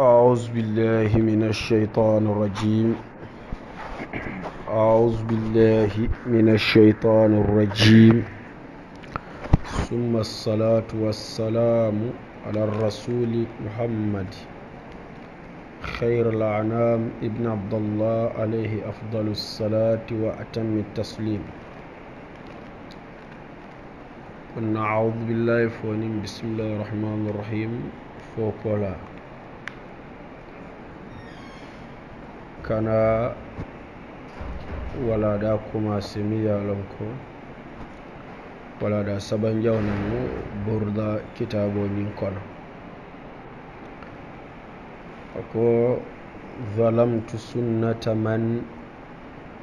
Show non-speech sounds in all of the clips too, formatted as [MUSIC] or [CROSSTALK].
أعوذ بالله من الشيطان الرجيم أعوذ بالله من الشيطان الرجيم ثم الصلاة والسلام على الرسول محمد خير الأنام ابن عبد الله عليه أفضل الصلاة وأتم التسليم قلنا أعوذ بالله فونين بسم الله الرحمن الرحيم فوقولا kana walada kuma simiya lonko walada saban jawnanu burda kitaboñin kono ako ظلمت سنة من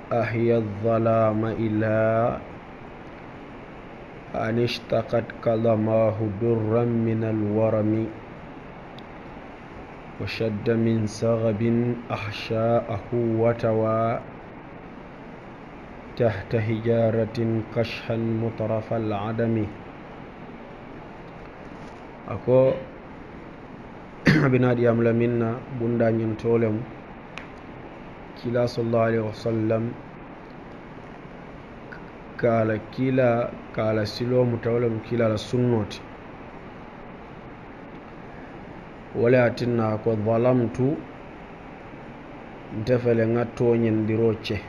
أحيا الظلام إلى أن اشتقت كلماه برا من الورم وشد من سغب أحشاءه وتوى تحت هجارة قشحا مطرف العدم أكو بنادي أملا منا بندا ينتولم كلا صلى الله عليه وسلم كالا كلا كالا سلو متولم كلا لسنوتي wala tinna ko valamtu defele ga toñendiroce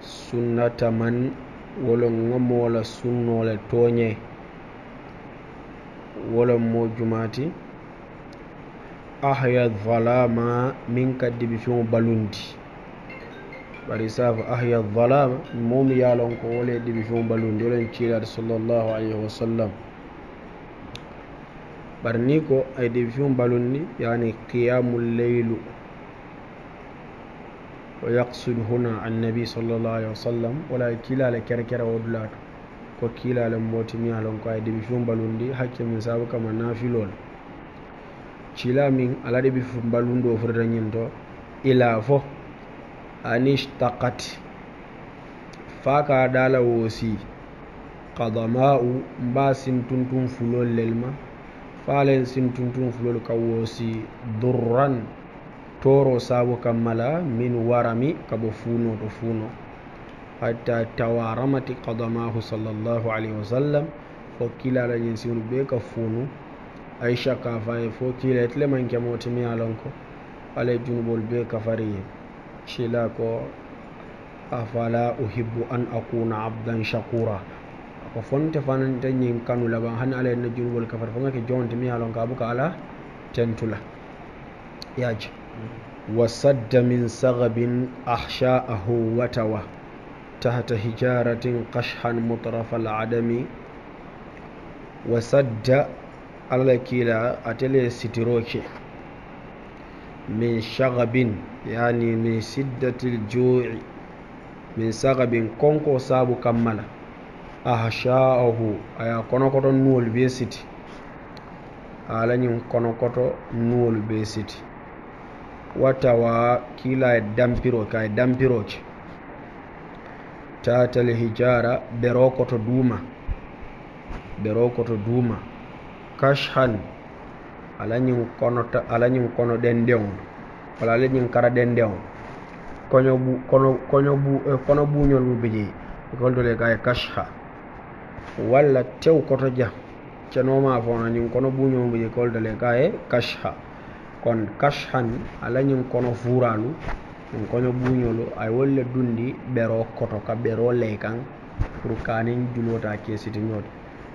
sunnata man wolon ga moola sunnole toñe wolon mo jumati ahya valama min kaddi ɓe fimo balundi bari safa ahya valama momi yalon ko wole ɗiɓe fimo balundi wolen ciilade sallllahu alayhi wa sallam ɓarni ko ay division balon ni yani qiyamu leylu o yaksud huna annabi sallallah alih wa sallam wala kilale kere kere wodulato ko kilale motimiyalon ko ay division balon ndi hakke min sabu kama nafilol cila min aladiɓi fo balundu o furata ñinto ila fo anistakat faka dala woosi kadama u mba sin tuntum fulol lel ma faalen sintuntun fulol kam woosi durran toro saabo kam mala min warami kabo fuuno to fuuno hatta tawaramati kadamahu sall llahu alayhi wa sallam fo kilala ñin siwnu ɓe ka fuunu aicha ka faye fo kila tile manke motimi alonko alay junubol ɓe kafariye cila ko afala uhibbu an akuna abdan shakura ko fonte te ñin kanu laban hani ala yenna wol kafar fanga ke jonte mi halon ka buka ala tentula yaji mm. wa sadda min sagabin ahsha'ahu watawa tahta hijaratin qashhan mutrafa al'adami wa sadda ala kila atele sitiroke min shagabin yani min siddatil ju'i min sagabin konko sabu kammala ahasha'ahu a ye a kɔnɔkɔtɔ nuolu bee siti a la ñiŋ kɔnɔkɔtɔ nuolu bee siti wa tawaa kiila a ye dampiro ke a ye dampiro ke taatalhijaara beroo kɔto duuma beroo kɔto duuma kashan a la ñiŋ kɔnɔta a la ñiŋ kɔnɔ dendeŋo wala a la ñiŋ kara dendeŋo kɔɲɔ bu kɔnɔ kɔɲɔ bu eh, kɔnɔ buuñol bu bi jee ko dole ka ye kashan walla tew koto dia cenoma fonañin kono buñomo école de l'éca e cacheha kon cache han alañin kono furalu in kono buñolu ay walla dundi ɓero koto ka ɓero ley kan pour kanin julota kesitiñode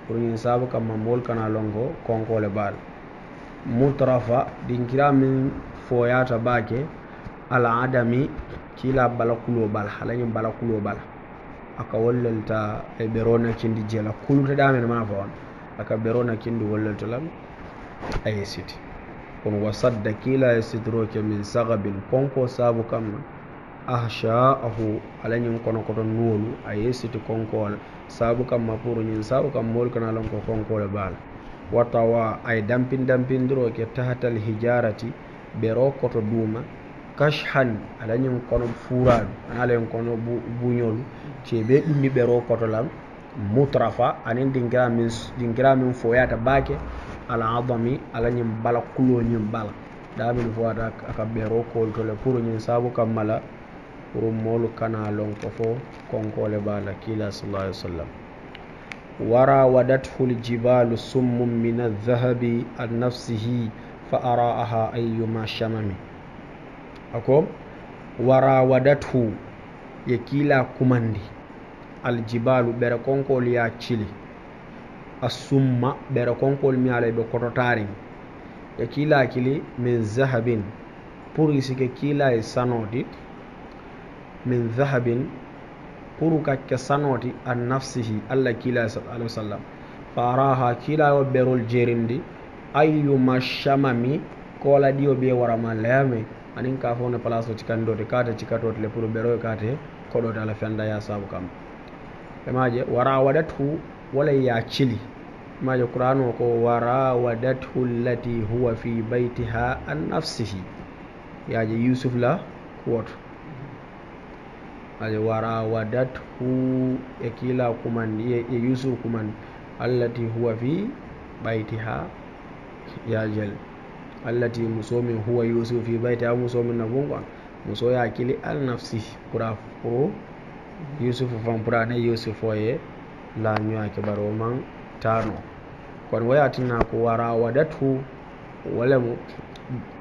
pour ñin sabu kam mambool kana longo konkole baal mutrafa dinkira min foyata baake ala adami kila bala kulo bala alañin bala kulo bala aka wollelta e ɓerona kindi jeela kulutaɗamen ma fa on aka ɓerona kindi wollaltolam aye siti kono wasadda kila e sidroke min sahabin konko saabu kamma ahsha'ahu alañin kono koton nuwolu a yesiti konkole saabu kamma pour ñin saabu kam molkana lon ko konkole baala wattawa ay dampin dampindiroke tahatal hijarati ɓero koto duuma kashan alañin kono furalu ana alayin kono buñolu ceɓe ɗummi ɓero kotolam mutrafa anin dingira min foyata bake ala adami alañin bala kuloñin bala damin foyata aka ɓero koltole pour ñin sabu mala pour molu kana lon ko fo konkole bala kila sallah alih w sallam وراودته الجبال سم من الذهب عن نفسه فأراها أيما شمم ako warawadathu ye kila kumandi aljibalu ɓere konkol ya cili assumma ɓere konkol miyalo ɓe kototarin ye kila kili min zahabin pour isike kila e sanoti min zahabin pour kakke sanoti an nafsihi allah kila sal alah wa sallam fa araha kilayo ɓerol jerindi ayuma chamami kolaɗiyo ɓe warama layame anin ka fo ne place cika cikandote kate cikatotle pour ɓeroye kate koɗote ala da ya sabu kam ɓe maje warawadathu wala ya cili maje qur'an o ko warawadathu allati huwa fi baytiha an nafsihi yaje yusuf la kuwoto aje warawadathu ya kila kuman e yusuf kuman allati huwa fi allati musomin huwa yusufu fi baiti aw musomin na gonga muso ya kili al nafsi kura ko yusufu fan pura ne yusufu ye la nyoa ke baro man tano kon waya tinna ko wara wadatu wala mu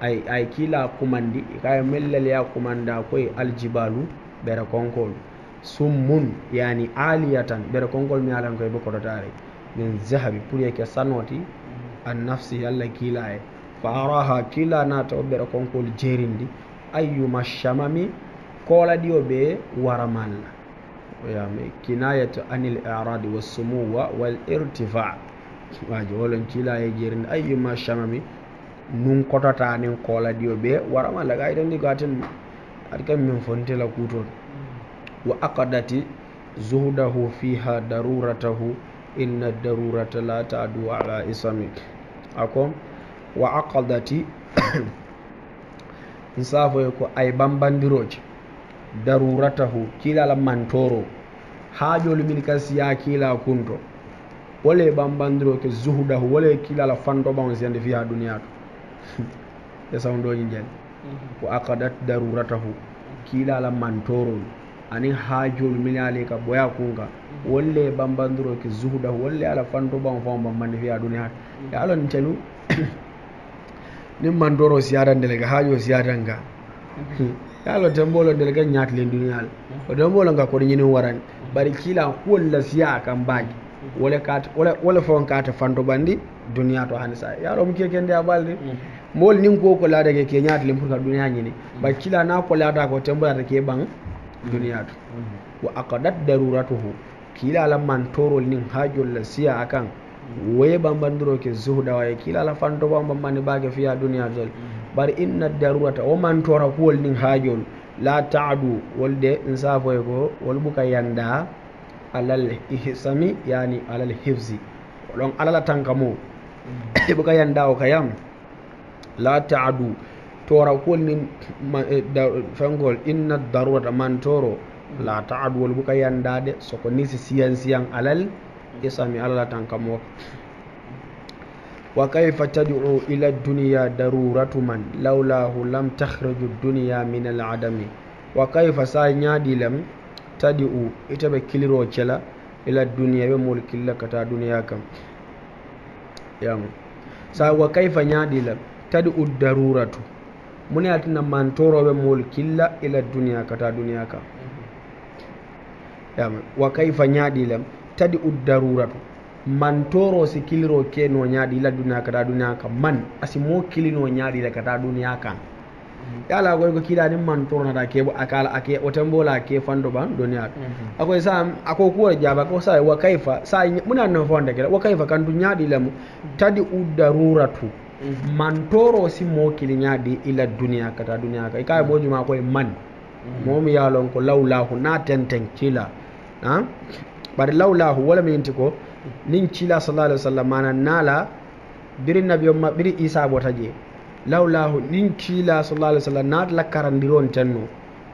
ay ay kila kumandi kay mellal ya kumanda koy aljibalu bere konkol summun yani aliyatan bere konkol mi alan ko be kodotare min zahabi puri ke sanoti an nafsi yalla kilaye fa araha kila nata o ɓera konkol jerindi ayyuma la. koolaɗi o ɓe waramalla yami kinayatu anil iradi wa wal irtifa waji wolon e jerindi ayyuma chamami nun kotota nin koolaɗi o ɓe waramalla ga iɗen ɗi ko atin aɗa kam min fontela kutol wa akadati zuhdahu fiha daruratahu inna darurata la tadu ala isami akom wa aqadati [COUGHS] nsafoye ko ay bambandiroje daruratahu kilala mantoro haajolu min kasi ya kila kunto wole bambandiroke zuhudahu wole kilala fantoɓan sende fi duniyato duniya to e [LAUGHS] sawndoji mhm. aqadat daruratahu kilala mantorol anin haajolu min ali ka boya kunka mhm. wolle bambandiroke zuhudahu wolle ala fantoɓan fon bambandi fiya ha mhm. ya to e alon telu nin mandoro siyaran delga hajo siyaran ga yalo tembolo delga le dunyal o lo nga ko nyini waran bari kila la siya kan bagi wala kat wala wala fon kata fando bandi duniya to hanisa yaro mu kende a balde mol nin ko ko lada ke ke nyatlen pur ka duniya nyini ba kila na ko lada ko da ke ban duniya to wa aqadat daruratuhu kila lam man torol nin la siya akan woye ɓambandiroke zuhda waye kilala fantoba bambani bage fiya duniya tol bari inna darurata wo mantora kuwol nin haajol la taadu wolde n safoye ko wol buka yanda alal ihsami yani alal hifzi don alala tanka mo ɓuka mm. [COUGHS] yanda o kayam la taadu tora kuwol nin eh, fengol inna darurata mantoro la taadu wol ɓuka yandade soko nisi siyan siyan alal isami alla tan kamo wa kayfa tad'u ila dunya daruratu man lawlahu lam tahraju dunya min al'adami wa kayfa sa nyaɗi lam tadi'u ita ɓe kiliro cela ila duniya ɓe mool killa kata duniya kam yam sa wa kayfa nyaɗi lam tadi'u daruratu mune atina mantoroɓe mol killa ila duniya kata duniya kam yam wa kayfa tadi uddaruratu man toro si kiliro ke no nyaadi la duniya kata duniya ka man asi mo kilino ñaaɗi ila kata duniya kan mm-hmm. yala koy ko ni man toro na da ke bo akala ake o tembola ke fando ban duniya to akoye sa ako kuwora jaaba ko sa wa kaifa sa muna no fonde kela wa kaifa kan kantu di lamu mm-hmm. tadi uddaruratu man mm-hmm. toro si mo kilino nyaadi ila duniya kata duniya ka bo juma ko man momi yalon ko lawlahu na tenten kila bari laulahu wala mi yinti ko nin cila sallallahu alaihi wasallam mana nala biri nabi ma biri isa bota je laulahu nin cila sallallahu alaihi wasallam na la karandiron tanno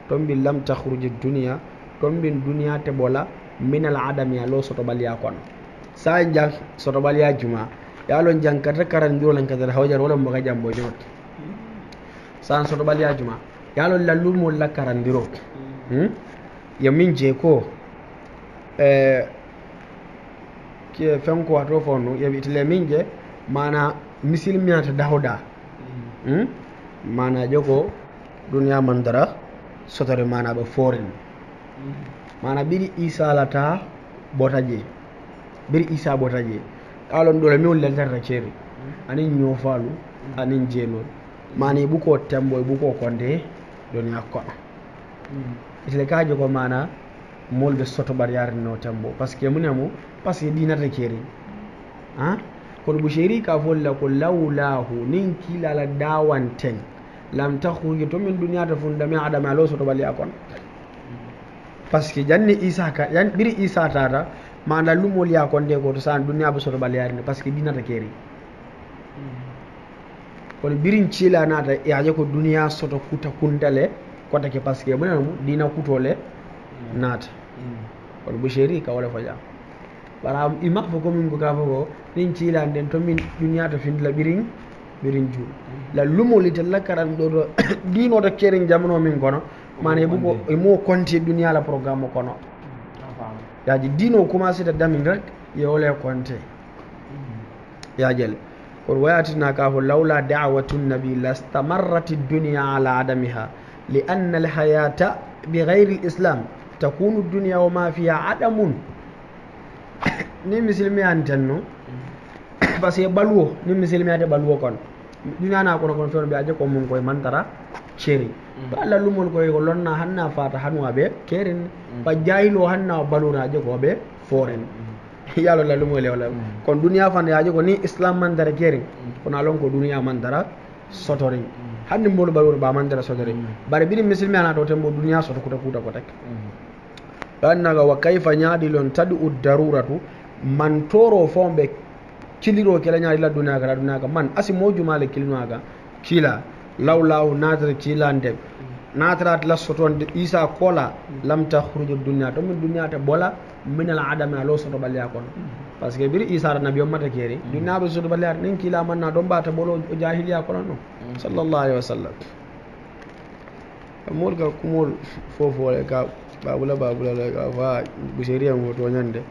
ton bi lam takhruj dunya ton bin dunya te bola min al ya lo soto ya kon. sa jang soto ya juma ya lo jang kata karandiro lan kata hawjar wala mbaga jambo jot san soto ya juma ya lo lallu mo la karandiro hmm. hmm ya min je ko Eh, ke fenko to fonno yeɓe itile min je mana misilminata dahoɗa mana hmm? joko duniya mandara sotare sotore mana ɓe forin mana biri isa lata botaje biri isa bota kalon dole mi min lentarta ceeri anin ñofalu anin jeenol mana i ɓuko tembo e ɓuko konde duniya koɗa hmm. itile ka ko mana moolu be soto bariyaarinno tembo par ce que mune mu par ce que ɗinata keeri a kono seri ka fol la ko lawlahu nin kilala dawanten lam takhruji to min duniyata funda min adama alo soto baliya kono par ce que janni isa ka yan biri isa tata manda lumol ya de ko to san duniya be soto baliyaarinne par ce que ɗinata keeri kono birin cila nata yaje ko duniya soto kuta kuntale kotake par ce que mune mu kutole nat [COUGHS] kono mo chéri ka wala faja bara i mak fo komin ko ka fo ko nin ciilan den to min duniya to la ɓirin ɓirin juu la lumoli la karan ɗo ɗo ɗinoto kerin jamano min kono mana heɓuko emo konti duniya la programme kono yaji dino commencé ta damin rek yewole konte yajel kono wayatina ka fo lawla dawatu nabi lastamarrat dunia ala adamiha li anna alhayata bi gayri lislam islam takunu duniya wa ma fiha adamun ni misilmiyani tan no par ce que baluwo ni misilmiyade baluwo kono duniyana kono kono fewno ɓe aje ko mum koye mantara ceri to allah lumol koye ko lonna hanna fata hanwa ɓe keren pa mm. jayilo hanna baluna aje ko ɓe foren mm. [LAUGHS] yalo la lumo lewla mm. kono duniya fande aje ko ni islam mantara keren kono alon ko duniya mantara sotori hannde mbolo ɓaluno ɓa mantara sotori bare ɓiɗi misilmi ana to tembo duniya soto kuta kuta ko tek ɗannaga wa kayfa ñaaɗilon ud daruratu man toro fon ɓe kiliro kela ñaaɗila dunaga ra dunaga man asi mo mojumale kilinoaga kila law law natata kilandem natarat lassotonde isa kola lam tahruju duniya to min duniya ta bola minal adame alo soto ɓalleya kono par ce que biri isa nabi o mata keeri duniya ɓe soto ɓalleya nin kilamanna ɗon mbata bolo o jahiliya kono non sallllahu alayhi wa sallam molka kumol fofole ka babula babula ബാബുല ബാബുല nan da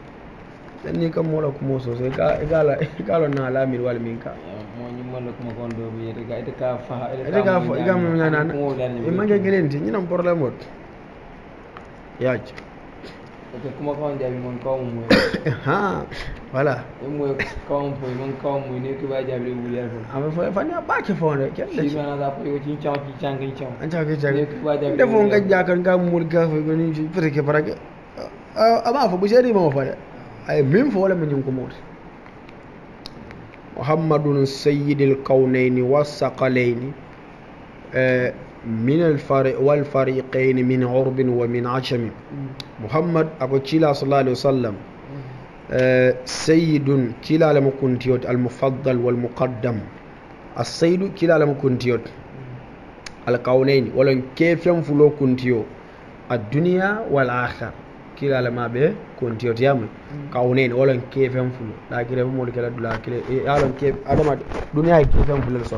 dan ni kan mora kuma sosai kala na alamir wal minka moni mola kuma kon do bi daga ita ka fa ita ka fa iga mun yana na mun ga gelenti ni nan problem wot ya ci Porque como acaban de abrir mancar un mueco. Ajá, voilà. Un mueco, campo, mancar un mueco, que vai de abrir mulher. Ah, mas foi fazer a parte fora, que é isso? Sim, ela dá para eu tinha tchau, que tchau, que tchau. Tchau, que tchau. Que vai de abrir. Devo um gajo que não murga, foi que nem para que para que. Ah, mas foi bujeri mas fora. Aí mesmo fora me nenhum comor. محمد سيد الكونين والثقلين من الفريق والفريقين من عرب ومن عشم muhammad abu kila sallallahu alaihi wasallam mm-hmm. eh, sayyidun kila lamu kuntiyot al-mufaddal wal muqaddam as-sayyidu kila lamu kuntiyot mm-hmm. al-qawlayn walan kefen fulo kuntiyo ad-dunya wal akhir kila lama be kuntiyot yam mm-hmm. qawlayn walan kefen fulo da kire mo kala dula ya yalan eh, ke adama dunya e kefen fulo so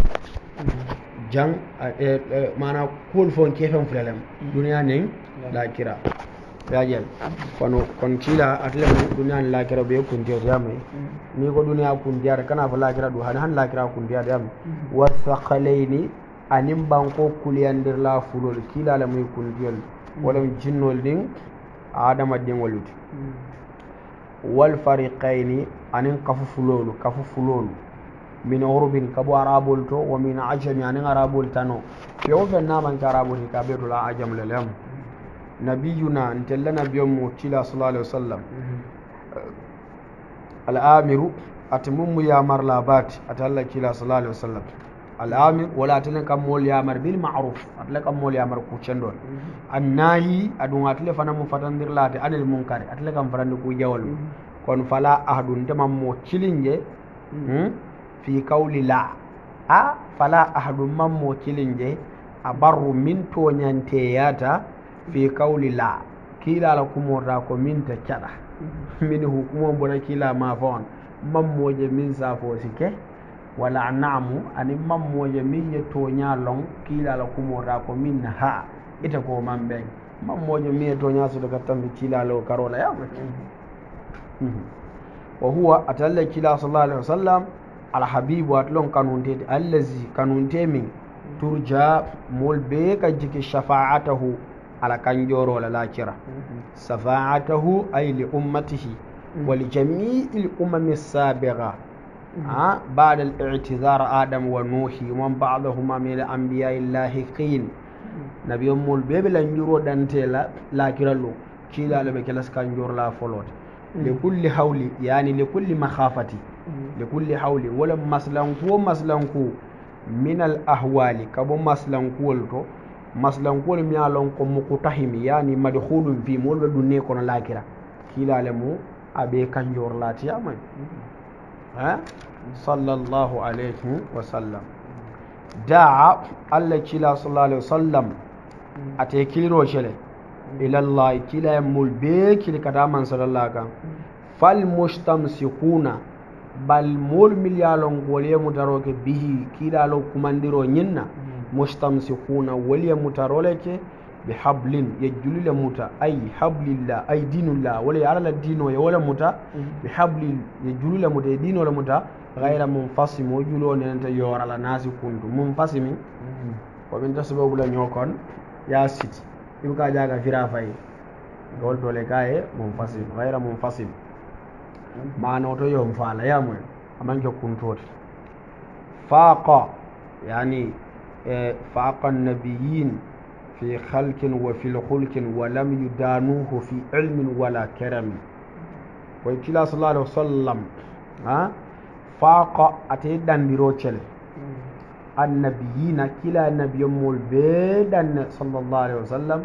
jang eh, mana kul fon kefen fulo lam dunya ne da kira yajen kono kon kila atle mu duniya ni lakira be kun ya mai mm. ni ko duniya kun diya da kana fa lakira du han han lakira kun diya da mai mm-hmm. wasaqalaini anin banko kuliyandir la fulol kila la mai kun diya mm. wala jinnol din adama din walut mm. wal fariqaini anin kafu fulol kafu fulol min urubin kabu arabul to wa min ajami anin arabul tano yo fe naman ka arabol ka be to la ajam lelem nabiyuna nabiyon mu tila sallallahu alaihi wasallam al'amiru atimummu yamar labati atalla kila sallallahu alaihi wasallam al'amir wala atilin kan mol mar bil ma'ruf atilin kan mol mar ku don annahi adun atilin fana mu fatan lati anil munkar atilin kan faran ku jawal kon fala ahdun tamam mo cilinje fi qawli la a fala ahdun mam mo cilinje abaru min nyante yata fi kawli la kiilala kumorta ko min ta caɗa mm-hmm. min hukuma bona kiila ma fo on mammoje min safoosi ke wala namu ani mammoje min ye toña long kiilala kumorta ko min ha ita ko man ɓen mammoje min ye toña sodo gattanmi kiilalo karola yama mm-hmm. mm-hmm. wa huwa atalle kiila sallah alih wa sallam alhabibu atlon kanuntede allazi kanuntemin turja mol be ka jiki shafaatahu ala kanjorola lakira safaatahu ay li ummatihi wa li jami'i l umami sabiga بعد الاعتذار آدم ونوح ومن بعضهما من الأنبياء الله قيل نبي أم البيب لنجرو دانتي لا لا كيرلو كيلا لبكلاس كانجور لا فلوت لكل حول يعني لكل مخافة لكل حول ولا مسلنكو مسلنكو من الأهوال كبو مسلنكو لتو maslankol mi a lon ko mukutahim yani madhulun fi mol be dunne kono lakira le mu abe kanjor latiyamay ha sallallahu alayhi wa sallam daa allah kila sallallahu alayhi wa sallam ate kiliro shele ilallahi kila e mul be kili kata man sallallahu kan fal mustamsikuna bal mol milyalon gole mu daroke bihi kila lo kumandiro nyinna mm -hmm. mustamsikuna waliya mutarole ke bi hablin ya julila muta ay hablillah ay dinullah wala ya alala dino ya wala muta bi hablil ya julila muta ya dino la muta غير منفصم وجلو ننت يور على ناس كنت منفصم ومن تسبب بلا نيوكون يا سيتي يبقى جاغا فيرا فاي gol dole kaye munfasim ghayra munfasim maana to yom fala yamwe amanke kuntote faqa yani فاق النبيين في خلق وفي الخلق ولم يدانوه في علم ولا كرم ويكلا صلى الله عليه وسلم ها فاق أتيدان بروتشل النبيين كلا نبي مولبيدان صلى الله عليه وسلم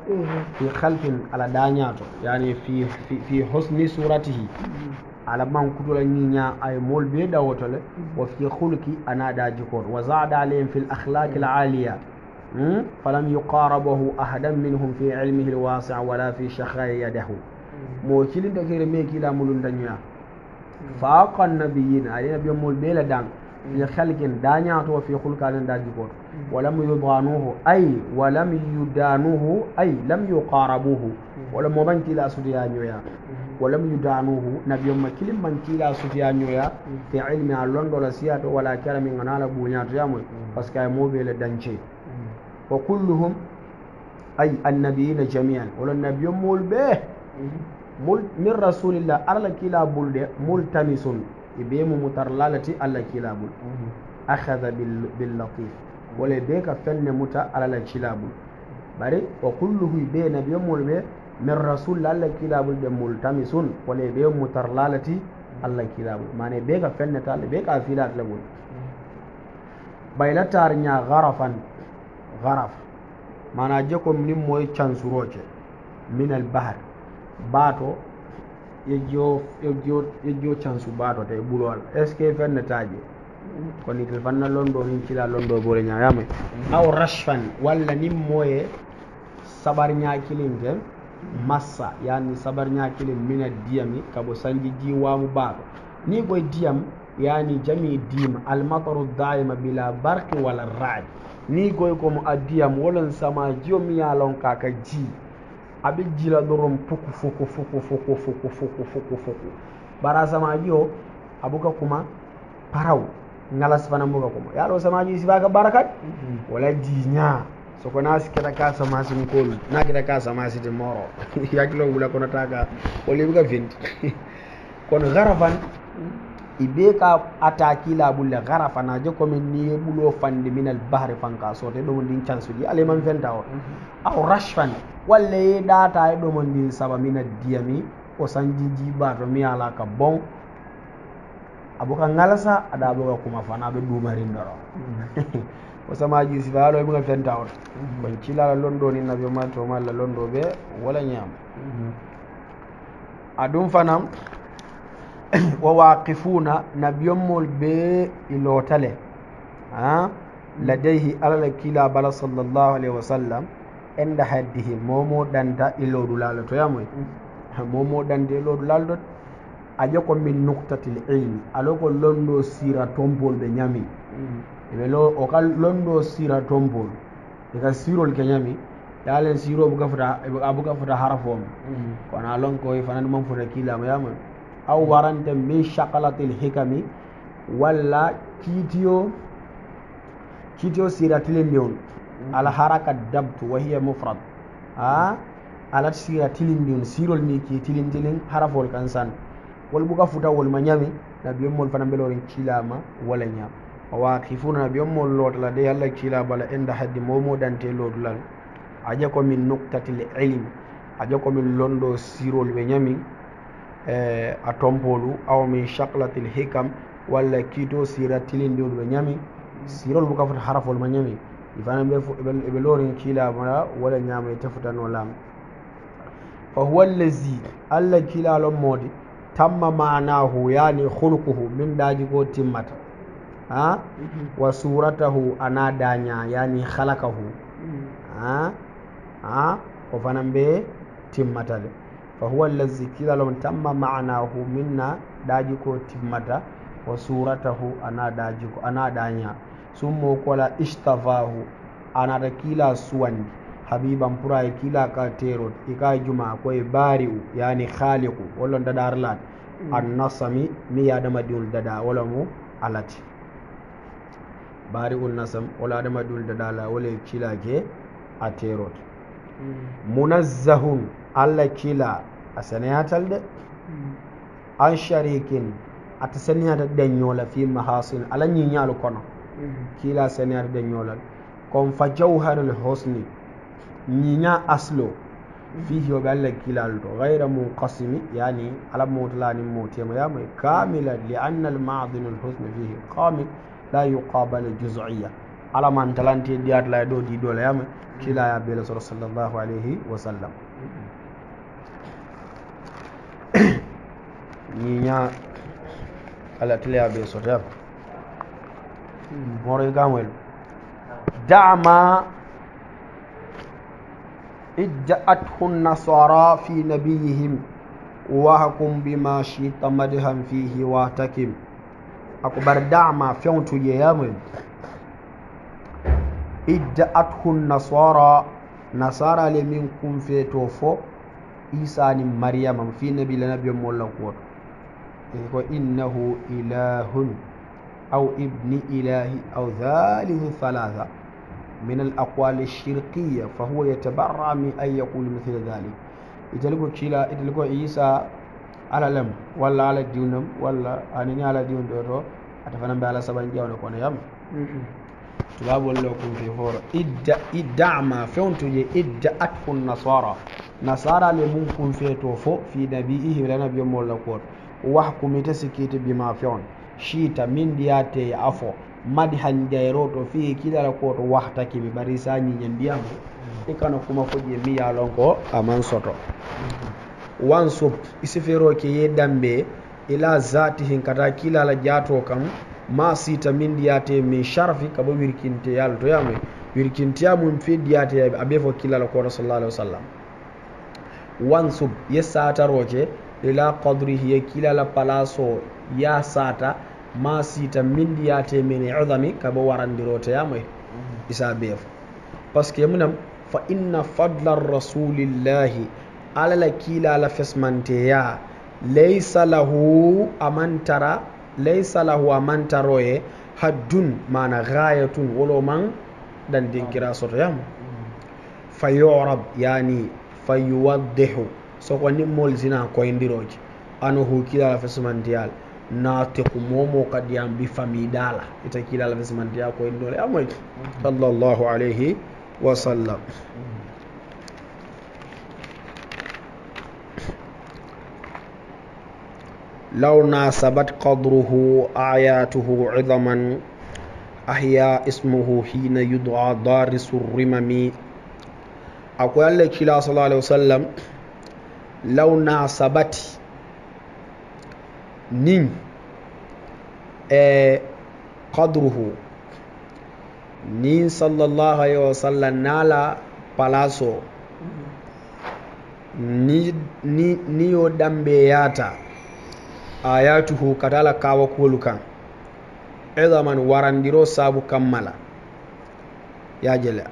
في خلق على دانياته يعني في في في حسن صورته ala mankutula ñiña ay mool be dawoto le wa fi hulki ana da jikoto wa zada alayhim fi lakhlaqi alaliya falam yuqarabahu ahadan minhum fi ilmihi alwasi' wala fi shakhai yadahu mo cilinta kere me kila mulun dañoya faqa annabiyin ali nabiyo mool be la dang fi khalqin dañato wa fi hulki ana da jikoto ولم يضانوه أي ولم يدانوه أي لم يقاربوه ولم يبنتي لا سديان يويا ولم يدانوه نبي ما كلم من كلا سفيانيو يا في علم اللون ولا سيات ولا كلام من على بنيات يامو بس كاي موبيل دانشي وكلهم أي النبيين جميعا ولا النبي مول به من رسول الله على كلا بول ملتمس يبيم مترلالتي على كلا بول أخذ باللطيف ولا بيك فن متى على كلا بول bari wa kulluhu be مول ɓe min rasul allah kilaɓol ɓe multamisun kole ɓe mutarlalati allah kilaɓol mane be ka fenne fennetale be ka filatlagol baylatar nya gharafan gharaf mana jekom kom moy moye cansuroce min al bahr bato baato e jo cansu bato te bulol est ce que fennetaje koni tel fanna londo ni ci la londo bore nya ñayamay aw rashfan wala nin moye sabar nya ten massa yani sabar ñakile mina diyami kabo sanji ji wamu baɗo ni koye diyam yani jami al almataru daima bila barki wala raad ni koye ko mu adiyam wolon sama jiyo ya lon ka ka ji aɓe jila dorom fuku fuku fuku fuku fuku fuku fuku fuku bara sama jiyo abuka kuma paraw ngalas fana buka kuma yaɗo sama ji sibaka barakat mm-hmm. wala nya soko ko na siketa ka samasi mkulu na kita ka samasi ti moro [LAUGHS] yakilo wula kono taka wala ibuka vinti [LAUGHS] kono garafan ibe ka ataki la bulle garafa na je komi ni bulo fandi min al bahri fanka so te do mondin chance di ale man fenta o mhm. aw rashfan walla ye data e do mondin saba min al diami o sanji ji ba to mi ala ka bon aboka ngalasa ada abuka kuma fana be dumari ndoro mhm. [LAUGHS] o samaji sifa haaloy ɓe ga fentawol kon cilaala londo ni nabio ma toma allah londo ɓe wala ñaam aɗum fanam [COUGHS] wo waqifuna nabiyommol be e lootale a ladayhi alalah kila bala sallllahu alayhi wa sallam ennda haddihi momo ɗanta e lowdu laalo to yamoy momo ɗandi e lowdu laalo ɗot a ƴoko min noctatel ilmi alako londo sira tombol ɓe ñami ɓe o ka londo sira tombol ega sirol keñami yalen siro bu gafuta abu gafuta hara foom kono a mm-hmm. lonkoy e fanani man fota kilama yaman aw warante min chakalatil hikami walla kiitiyo kiitiyo siratile ndiwon mm-hmm. ala haraka dabtu wahiya mufrad a alat sira tilindiwon sirol ni ki tilintilin harafol kan san wol buka futa wol ma ñami nabiyomol fana mbelorin kilama wala ñam wakifuna ɓiyon mo lotala de allah cilabala enda haddi momoɗante lodulal aƴa komin noktatile ilim aƴa komin londo sirol ɓe ñamin eh, a tompolu awa min chaklatil hikam walla kito sira tilindiol ɓe ñamin sirol bo kafoto harafol ma ñamin ifana ɓeɓe lorin cilabala walla ñamay tefutano lam fa huwa llazi allah cilalon mode tamma manahu yani hulkuhu min ɗaji ko timmata ha mhm. wa suratahu ana daña yani halakahu mhm. ha o fanan be timmatale fa huwa allazi kila lon tamma manahu minna daaji ko timmata wa suratahu ana daaji ko ana daña summo kola istafahu anata kila suwandi habiban pour ay e kila ka terot i e ka juma koye bari u yani haliku wollon dadarlat mhm. annasami mi yadama diwol dada wolamu alati bari ul nasam wala adama ɗulde ɗala wole kilaje a terot mm. munazzahun allah kila a seneyatal de mm. an sharikin ata seneyata ɗeñola fi mahasin ala ñiñalu kono mm. kila seneyata ɗeñolal comme fa jawharil hosni ñiña aslo fihi yoɓe allah kilal to gayra munkasimi yani ala motalani mo temoyamoy kamila li anna almadinul husne fihi kamil la yuqabala juz'iyya ala man talanti diyat la do di do la yam kila ya bi rasul sallallahu alaihi wasallam ni nya ala tilya be sota bore gamwel da'ma ادعته النصارى في نبيهم وهكم بما شئت مدها فيه واعتكم akubar da'ma fɛnw tu yeyame idda'athu nasara nasara le min kunfe to fo isa ni maryama fi nabi la nabi molla ko ko innahu ilahun au ibni ilahi aw thalithu thalatha من الأقوال الشرقية فهو يتبرأ من أن يقول مثل ذلك إذا لقوا كلا إذا ala lem walla ala wala ani ni ala diwn ɗo to ata fanan ɓe ala saban ƴewne kono yam mm-hmm. tubabolle kum fe foro idda iddama fewntuje idda atkum nasara nasara le mum kum fe to fo fi nabiihi wala nabiyo molla koto wahkumite sikkiti bima fewn shiita min ndiyate afo madi hanjayro to fi kidala koto wahtakimi bari sa ñiñe ndiyam mm-hmm. ikano kuma ko je mi yalon ko aman soto mm-hmm. wansup i siféroke ye dambe ila zati hin kata kilala jato kam ma sita min ndiyate min charfi kabo wirkinte yaallo to yamu wirkinteyamum feddiyate abe fo kilala koto sal llah alih wa sallam wansup ye sataroke ila qadrihi ye kilala palaceo ya sata ma sita min ndiyate min udami kabo warandirote yamu isa beefo par ce que munam fa inna fadla rasulillahi ala la kiila la fesmanteya laysa lahu amantara laysa lahu amantaro ye haddun mana gayatun wolo man dan dinkira sotoyamo fa yorab yani fa yuwaddihu soko ni mol sina koyndiroji anohu kiila la fesmanteyala natiku momo kadi yam bi fami dala ita kiila la fesmanteya koyndore amoy sallallahu alayhi wa sallam لو ناسبت قدره آياته عظما أحيا اسمه حين يدعى دارس الرمم أقول لك صلى الله عليه وسلم لو ناسبت نين آه، قدره نين صلى الله عليه وسلم نالا palazzo ni, ni, niyo dambeyata ayatuhu katala kawa kuwolu kan idaman warandiro sabu kammala yajele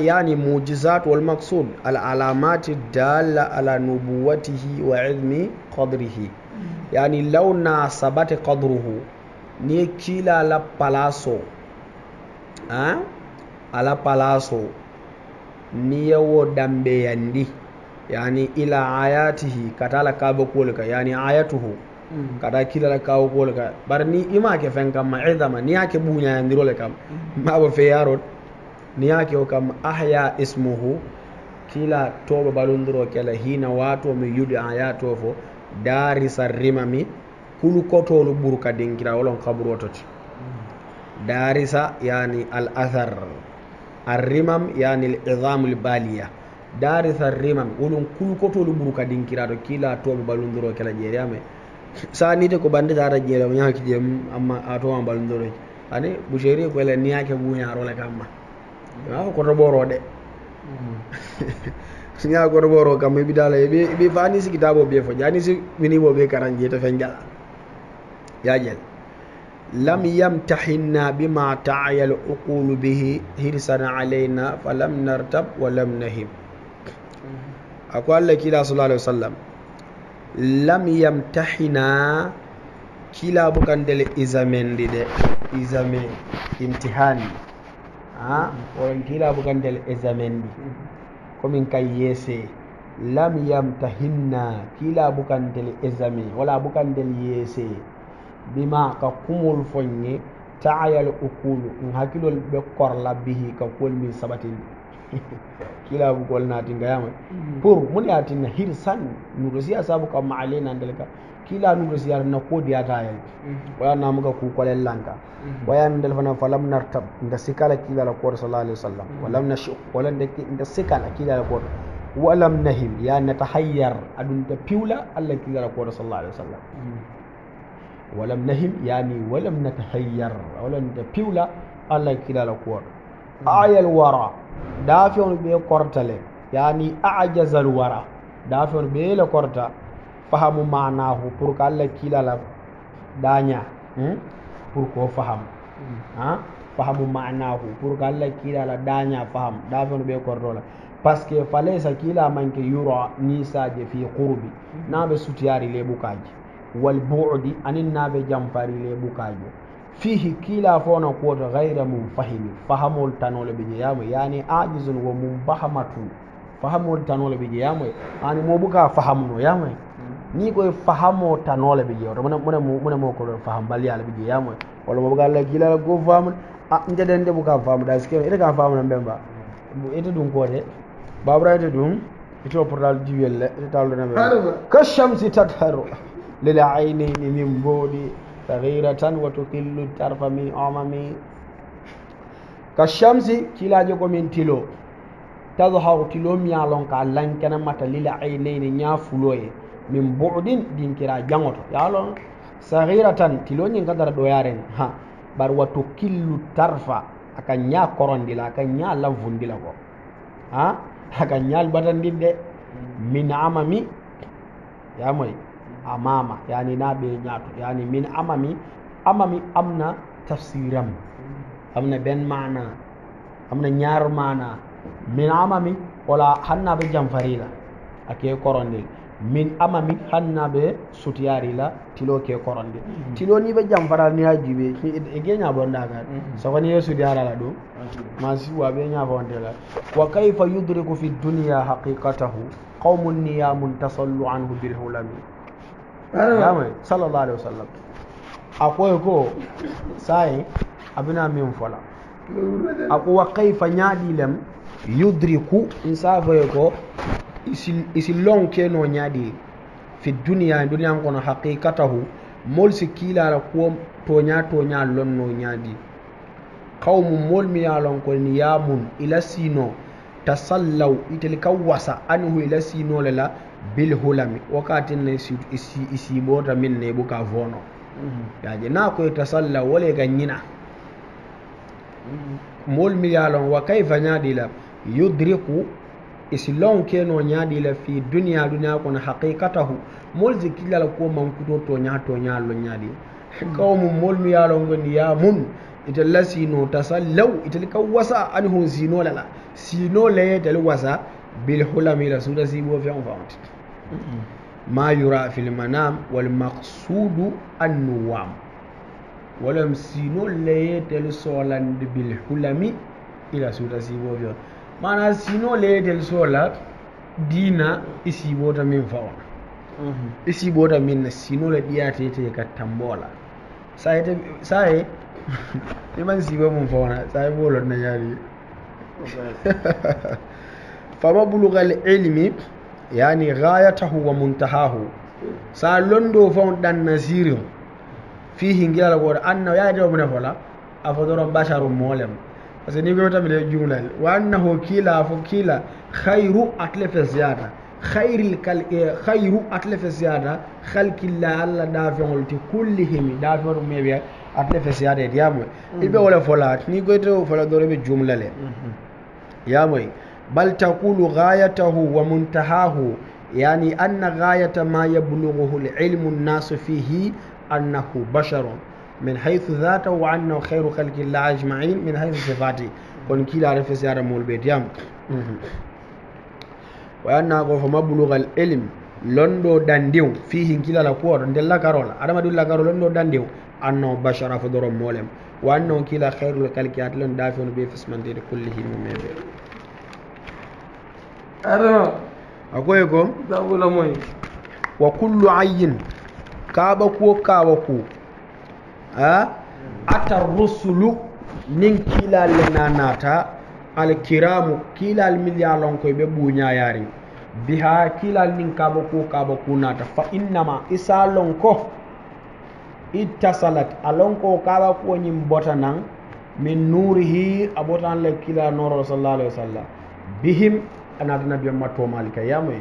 yani mujizat walmaksud al alamati ala nubuwatihi wa ilmi qadrihi hmm. yani law nasabati qadruhu ni kila ala palaso ha ala palaso ni yawo dambeyandi yani ila ayatihi katala kabo yani ayatuhu Mm. ka da kila la kawo ko le kan ni i m'a kɛ fɛn kama idama n'i y'a kɛ buɲayandir'o le kama mm. ma bo fɛ yaro n'i ake o kama ahya ismuhu kila toɓo ɓalodiro kela hina watomi yudi an yato fo sarima rimami kulu kotolu ɓuur wolon kira olon kaburo toti mm. darisa yani al athar arrimam yani al lbaliya darisa rimam wolon kulu lu ɓuur kadin kirato kila toɓo ɓalodiro kela jeriame sanite ko bandita ata jeelemo ñaki jeem amma a towa mballodoroy ani bouchéri ko ele niyake buñarole kamma ma ko kotoɓoro de ña kotoɓoro kamma e ɓidala e ɓe fani si kitabo ɓe fo jani si winimo ɓe karan jeeta fen jal yajel lam yamtahinna bima taya l uqulu bihi hirsan alayna falam nartab wa lam nahim mm. a ko allah kiila sallah alih wa sallam lam yamtahina kilabu kandele examen ɗi ɗe examen imtihani a oɗon kilabu kandele examen ɗi komin kay yeese lam yamtahinna kila bukandel examen wala bukandel yeese bima ka kumol foñe taayal ukul hakkilol ɓe korla bihi ka kuwol min saɓatinɗi kila bugol natinga yama pour mun yatinna hirsan nugo siya sabu kam maale nandel ka kila nugo siya na ko diya ta yel waya namuga ku kolel lanka waya ndel fana falam nartab nda sikala kila la kor sallallahu alaihi wasallam walam nashu walan de nda sikala kila la kor walam nahim ya natahayyar adun ta piula alla kila la kor sallallahu alaihi wasallam walam nahim yani walam natahayyar walan ta piula alla kila la kor ayal wara daafewn ɓe kortale yani ajasal wara daafewn ɓeele korta fahamu manahu pour que allah kilala daña hmm? pour ko faham fahamu manahu pour que allah kilala daña faham daafewn ɓe kortola par ce que falaysa kila manke yura nisaje fi qurbi hmm. naɓe sutiyari le ɓukaji wal buudi anin naɓe jamfari le ɓukajo fihi kila fono kuota ghaira mum fahimi fahamol tanole ɓe jeyamo yani ajizun wa mum bahamatu fahamol tanole ɓe jeyamoye ani mo fahamu no yamoye hmm. ni ko fahamo tanole ɓe mona mona mo koɗon faham baliyala ɓe jeyamoye walla mo buka allah kilala go famude a den de buka da famuda sikeno ete kam famuna ɓen ida dun ko de babra ida dun ito portal le diwelle na be ka shamsi tatharu lil aynini min bodi saghiratan wa tuqillu tarfa min amami kashamsi kilaje ko min tilo tadharu tilo miyalon ka lankana mata lila aynayni ñafuloye min bu'din Ya jangoto yalon saghiratan tilo ñin kadara ɗoyaren ha Baru wa kilu tarfa aka ña korondila aka ña lavundila ko ha aka ñal batandin de min amami yamoy amama yani na ɓe ñaato yani min amami amami amna tafsiram amna ben mana amna ñaar mana min amami wala hannaɓe jamfarila ake korondel min amami hannaɓe sutiyarila tilo ke korondel tilo ni ɓe jamfaral ni ha jiɓe ege ñabondagal sogoni ye sutiyarala ɗum ma siwa ɓe ñabondela wa kayfa yudriku fi dunia haqiqatahu qawmun niyamun tasallu anhu bilhulami yamɛ sallallahu alaihi wasallam a ko ye ko sayi a bɛna min fɔ la a ko wa kaifa ɲaadi lɛm yudriku n s'a fɔ ye ko isi lɔn kɛ nɔ ɲaadi fi duniya duniya kɔnɔ haqiqatahu mol si kiila la ko tonya tonya lɔn nɔ ɲaadi qawmu mol mi ya lɔn ko niyamun ila sino tasallaw itali ka wasa anhu ila sino le la bil hulami wakati ne isi, isi min na buka vono mm -hmm. yaje na ko tasalla wale ga nyina mol mi yalon wa kayfa nyadila yudriku isilon keno nyadila fi dunya dunya kon haqiqatahu mol zikila ko man kuto to nya to nya lo nyadi mhm. mum mol mi yalon goni ya mun ita la sino tasallaw ita ka wasa anhu sino lala sino le wasa bil hulami rasulasi bo fi on fawti ما يرى في المنام والمقصود النوام ولم سينو ليتل سولان بالحلم إلى سورة سيبوفيون معنى سينو ليتل سولا دينا إسيبوتا من فاونا إسيبوتا من سينو لدياتي تيكا تمبولا ساي iman siba mun fauna sai bolon na yari fa mablughal ilmi yani gayatahu wa muntahahu sa londo fon ɗan nasirim fihi gilal goto anna yaade mune fola afodoro basharum molem par ce que ni wewtamile jumlal wa annahu kiila fo kiila hayru atle fe siyata hayril kal e hayru atle fe siyata halkilla allah ɗafeŋol ti kulli himi ɗafeŋo ɗum meɓe atle fe siyata e yamoy il ɓe wole fola ni goyto fola doro ɓe jumlale yamoy mm -hmm. بل تقول غايته ومنتهاه يعني أن غاية ما يبلغه العلم الناس فيه أنه بشر من حيث ذاته وأنه خير خلق الله أجمعين من حيث صفاته كون كلا رفس يارا مول بيتيام وأنه مبلغ العلم londo dandiw fihi kila la kuwa nde la karola adama du la karo londo dandiw anno bashara fo dorom molem wa anno kila khairul kalkiat lon dafon be fismande de kullihi mumebe adama a koye ko sabula moy wa kullu ayin kaaɓa kuo kaawa ku a ata rusulu nin kiilal le na naata alkiramu kiilal milliya lonkoye ɓe ɓuñayari biha kiilal nin kaaɓa kuo kaaɓa ku naata fa innama isa lonko ittasalat alonko kaaɓa kuo ñin bota nan min nurihi a botan le kiilal noro sallallah alih wa sallam bihim أنا أتنبي ما تومالك يا مي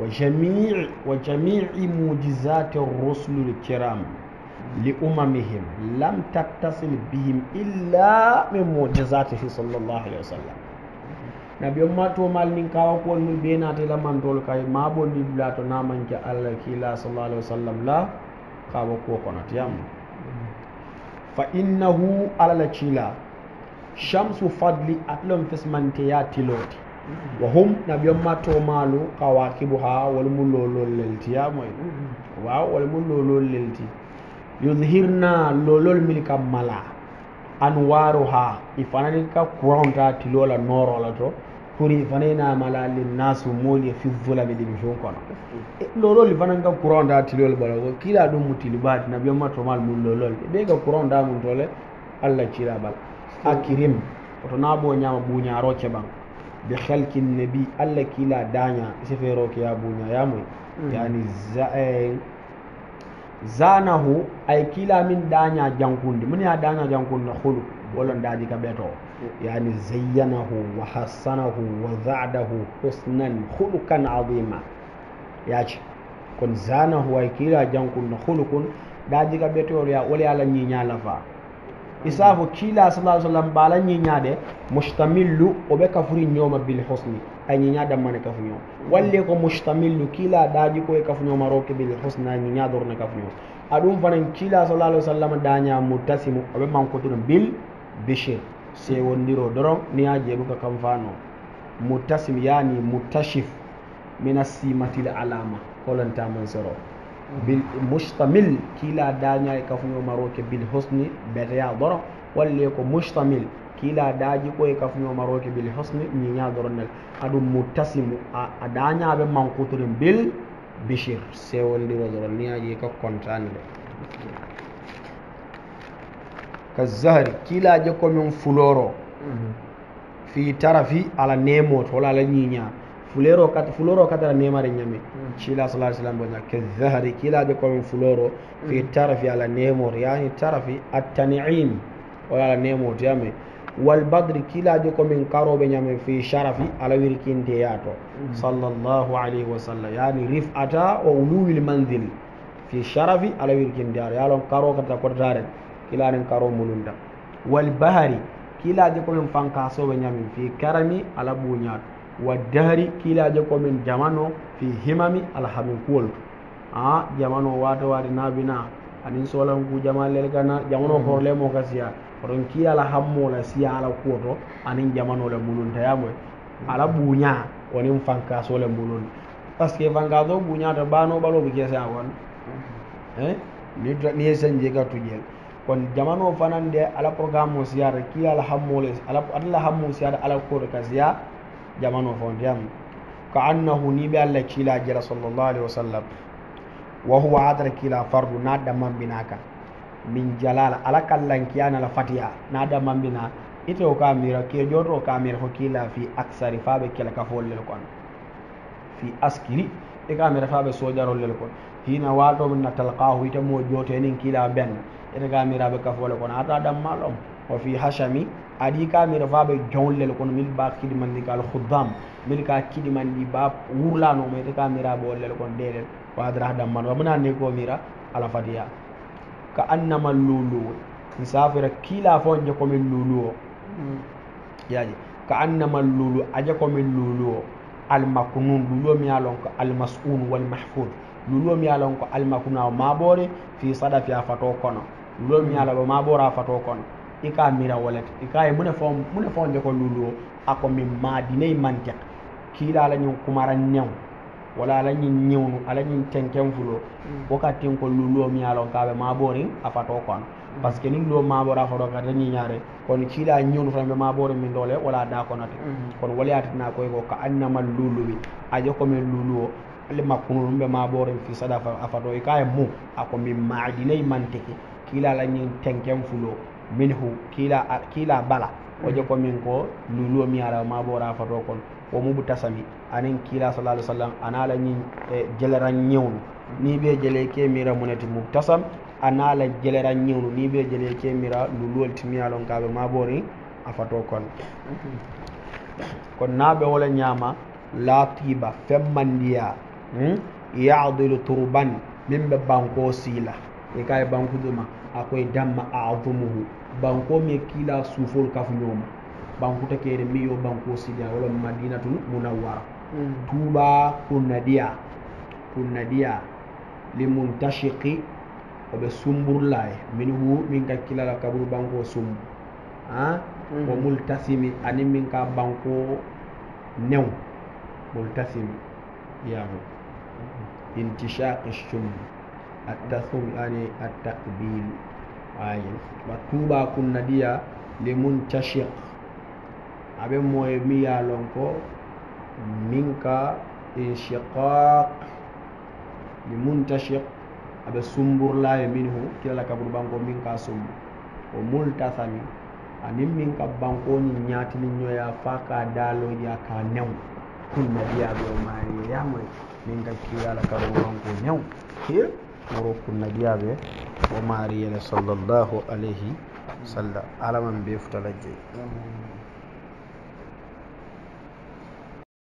وجميع وجميع معجزات الرسل الكرام لأممهم لم تتصل بهم إلا من معجزاته صلى الله عليه وسلم nabi ma to mal nin kawa ko min be na tela man dol kay ma bo ni bla to na man ke alla kila sallallahu alaihi wasallam la kawa ko kono tiyam fa innahu alla kila shamsu fadli atlum fisman tiyati loti Mm-hmm. wa hum nabiyom ma tomalu kawakibuha wala mu lolo lelti ya moy waaw wala mu lolol lelti yudhirna lolol mil ka mala anwaruha ifanani ka kuronta tilola noro la to kuri ifanani na mala linnasu moli fi dhulami di mishon kono lolol ifanani ka kuronta tilola bala ko kila dum na nabiyom mato tomal mu lolo be ka kuronta mun tole alla cira bala akirim to na bo nyama bunya roche bang بخلق النبي الله كلا دانيا سفيروك يا بنيا يا مي يعني زانه أي كلا من دانيا جنكوند من يا دانيا جنكوند خلو ولن دادي كبيتو يعني زينه وحسنه وزعده حسنا خلقا عظيما ياجي كن زانه أي كلا جنكوند خلق دادي كبيتو ولا ولا على نينيا لفا isaafo kiila sa sallam baala ñiñaade mustamillu o ɓe kafuri ñooma bil husni a ñiñaadammane kafuñoo walle ko mustamillu kiila daaji koye kafuñooma roke bil husni a ñiñaadorne kafuñoo aɗum fanan kiila sala lah sallam daaña mutasimu o ɓe mankotuno bil bichir sewondiro doron niya jeɓuka kam fano mutasim yani mutashif min asimatil alama holantamansoro bil mustamil kiila dañaye kafuño maroke bil husni beteya doro walle ko mustamil kiila daji ko e kafuño maroke bil husni ñiña doronel aɗum mutasimu a dañaɓe mankutore bil bichir sewondiro doro niyaji ka contanide ka zahri kiilaje komin fuloro mm-hmm. fi tarafi ala nemo tola ala ñiña fulero kat fuloro katara nemare ñami cila sala sallam bona ke zahari kilaɓe komin fuloro fi tarafi ala nemor yani tarafi attaniim wala ala nemor tiyame wal badri kilaje komin karoɓe ñamen fi sharafi ala wirkinteya to sallllahu alayhi wa sallam yani rif ata o uluwil mandil fi sharafi ala wirkinteyaro yalon karo kata kototaren kilanen karo mulunda wal bahari kilaje komin fankasoɓe ñamen fi karami ala ɓuñato wa dari kiilaaje ko min jamano fi himami alhamin kuwoltu a jamano waata waade naabina anin solanku jamalel gana jamano mm. horlemo ka siya oton kiila alhammola siya ala kuwo to anin jamanole mbulontayamoy ala ɓuuña wonin fankasole mbulonde par ce que fankaso ɓuñato ɓano ɓaloɓe kesa kon e eh? nini sanjega tuƴel kon jamano fanande ala programme o siyata kiila alhammole ala alahammo siyata ala kuwoto ka siya jamano fondiyam ka annahu ni ɓe allah kiilajira sallllahu alayhi wa sallam wa huwa adra kiila fardu na ɗammanɓina kan min jalala ala kallankiyanala fatiya na ɗammanɓina ite o kamira ke joto kamira ko kiila fi aksari fa ɓe kela kafollel kon fi askiri e kamira fa ɓe sojarollel kon hina watomin na talqahu ite mo jotenin kiila ben ete kamiraɓe kafole kon ata ɗammalom o fi hachami aɗi ka mira vaɓe jonlel kon mil ba kidimandi ka al khuddam mil ka kidimandi ba wurla no me ka mira wa dra dam man wa manane ko mira ala fatiya ka annama lulu misafira kila kiila fo je komin luluwo yaji ka annama lulu aje lulu al makunun lulu mi alon ko al mas'un wal walmahfud lulu mi alon ko almakuna o maɓore fi sadafi afato kono lulu mi yalon ko maɓore afato kono i ka mira walati i ka ye mune fo mune fo nde ko lulu o a ko min madinayi mantek kiila ala ñin kumara neŋ wala ala ñin ñiwnu ala ñin tenken fulo mm. wokatin ko lulu o miya lon kaɓe maborin a fato kono mm. parce que niŋ lo mabora foto kata ñiñare kono kiila ñiwnu fana ɓe maborin min dole wala da mm. konote kono walayatitina koye ko ka annama luluwi aje komin lulu o ali makkunulum ɓe maborin fi sada a fato i ka ye mu a ko min madinayi manteke kiila ala ñin tenken fulo minhu kiila bala o jokko mm. min ko luluo mi ala ma bo rafato kon o mubu tasami anin kiila sala alah sallam anaala ñin e, jeleran ñewlu ni ɓe jele ke mira munati mubu tasam a naala jeleran ñewlu ni ɓe jele ke mira luluol ti mi alon kaɓe ma boori a fato kon kon naɓe wola ñama latiba femmandiya hmm, yadilu turban min ɓe banko siila e kaye bankudema akoye damma a adumuhu banko me kila suufol kafuñoma bankuta kere mi yo banko sidiya wala madinatul munawwara mm. tuba kunnadiya kunnadiya limuntashiki oɓe sumburlaye min hu min ka kilala kaburu banko sumbu a ko hmm. multasimi ani min ka banko new multasimi yago intishaqi shumbi atasul ani atakbil aye matuba kunadia lemun tashiq abe moy mi yalonko minka inshiqaq lemun tashiq abe sumbur la minhu kila kabur banko minka sum o multa sami ani minka banko ni nyati ni nyoya faka dalo ya ka new kunadia go mari yamwe minka kila kabur banko new woro kunna diyaɓe o maariyene sallllahu alayhi sallam alaman be futalajjeyi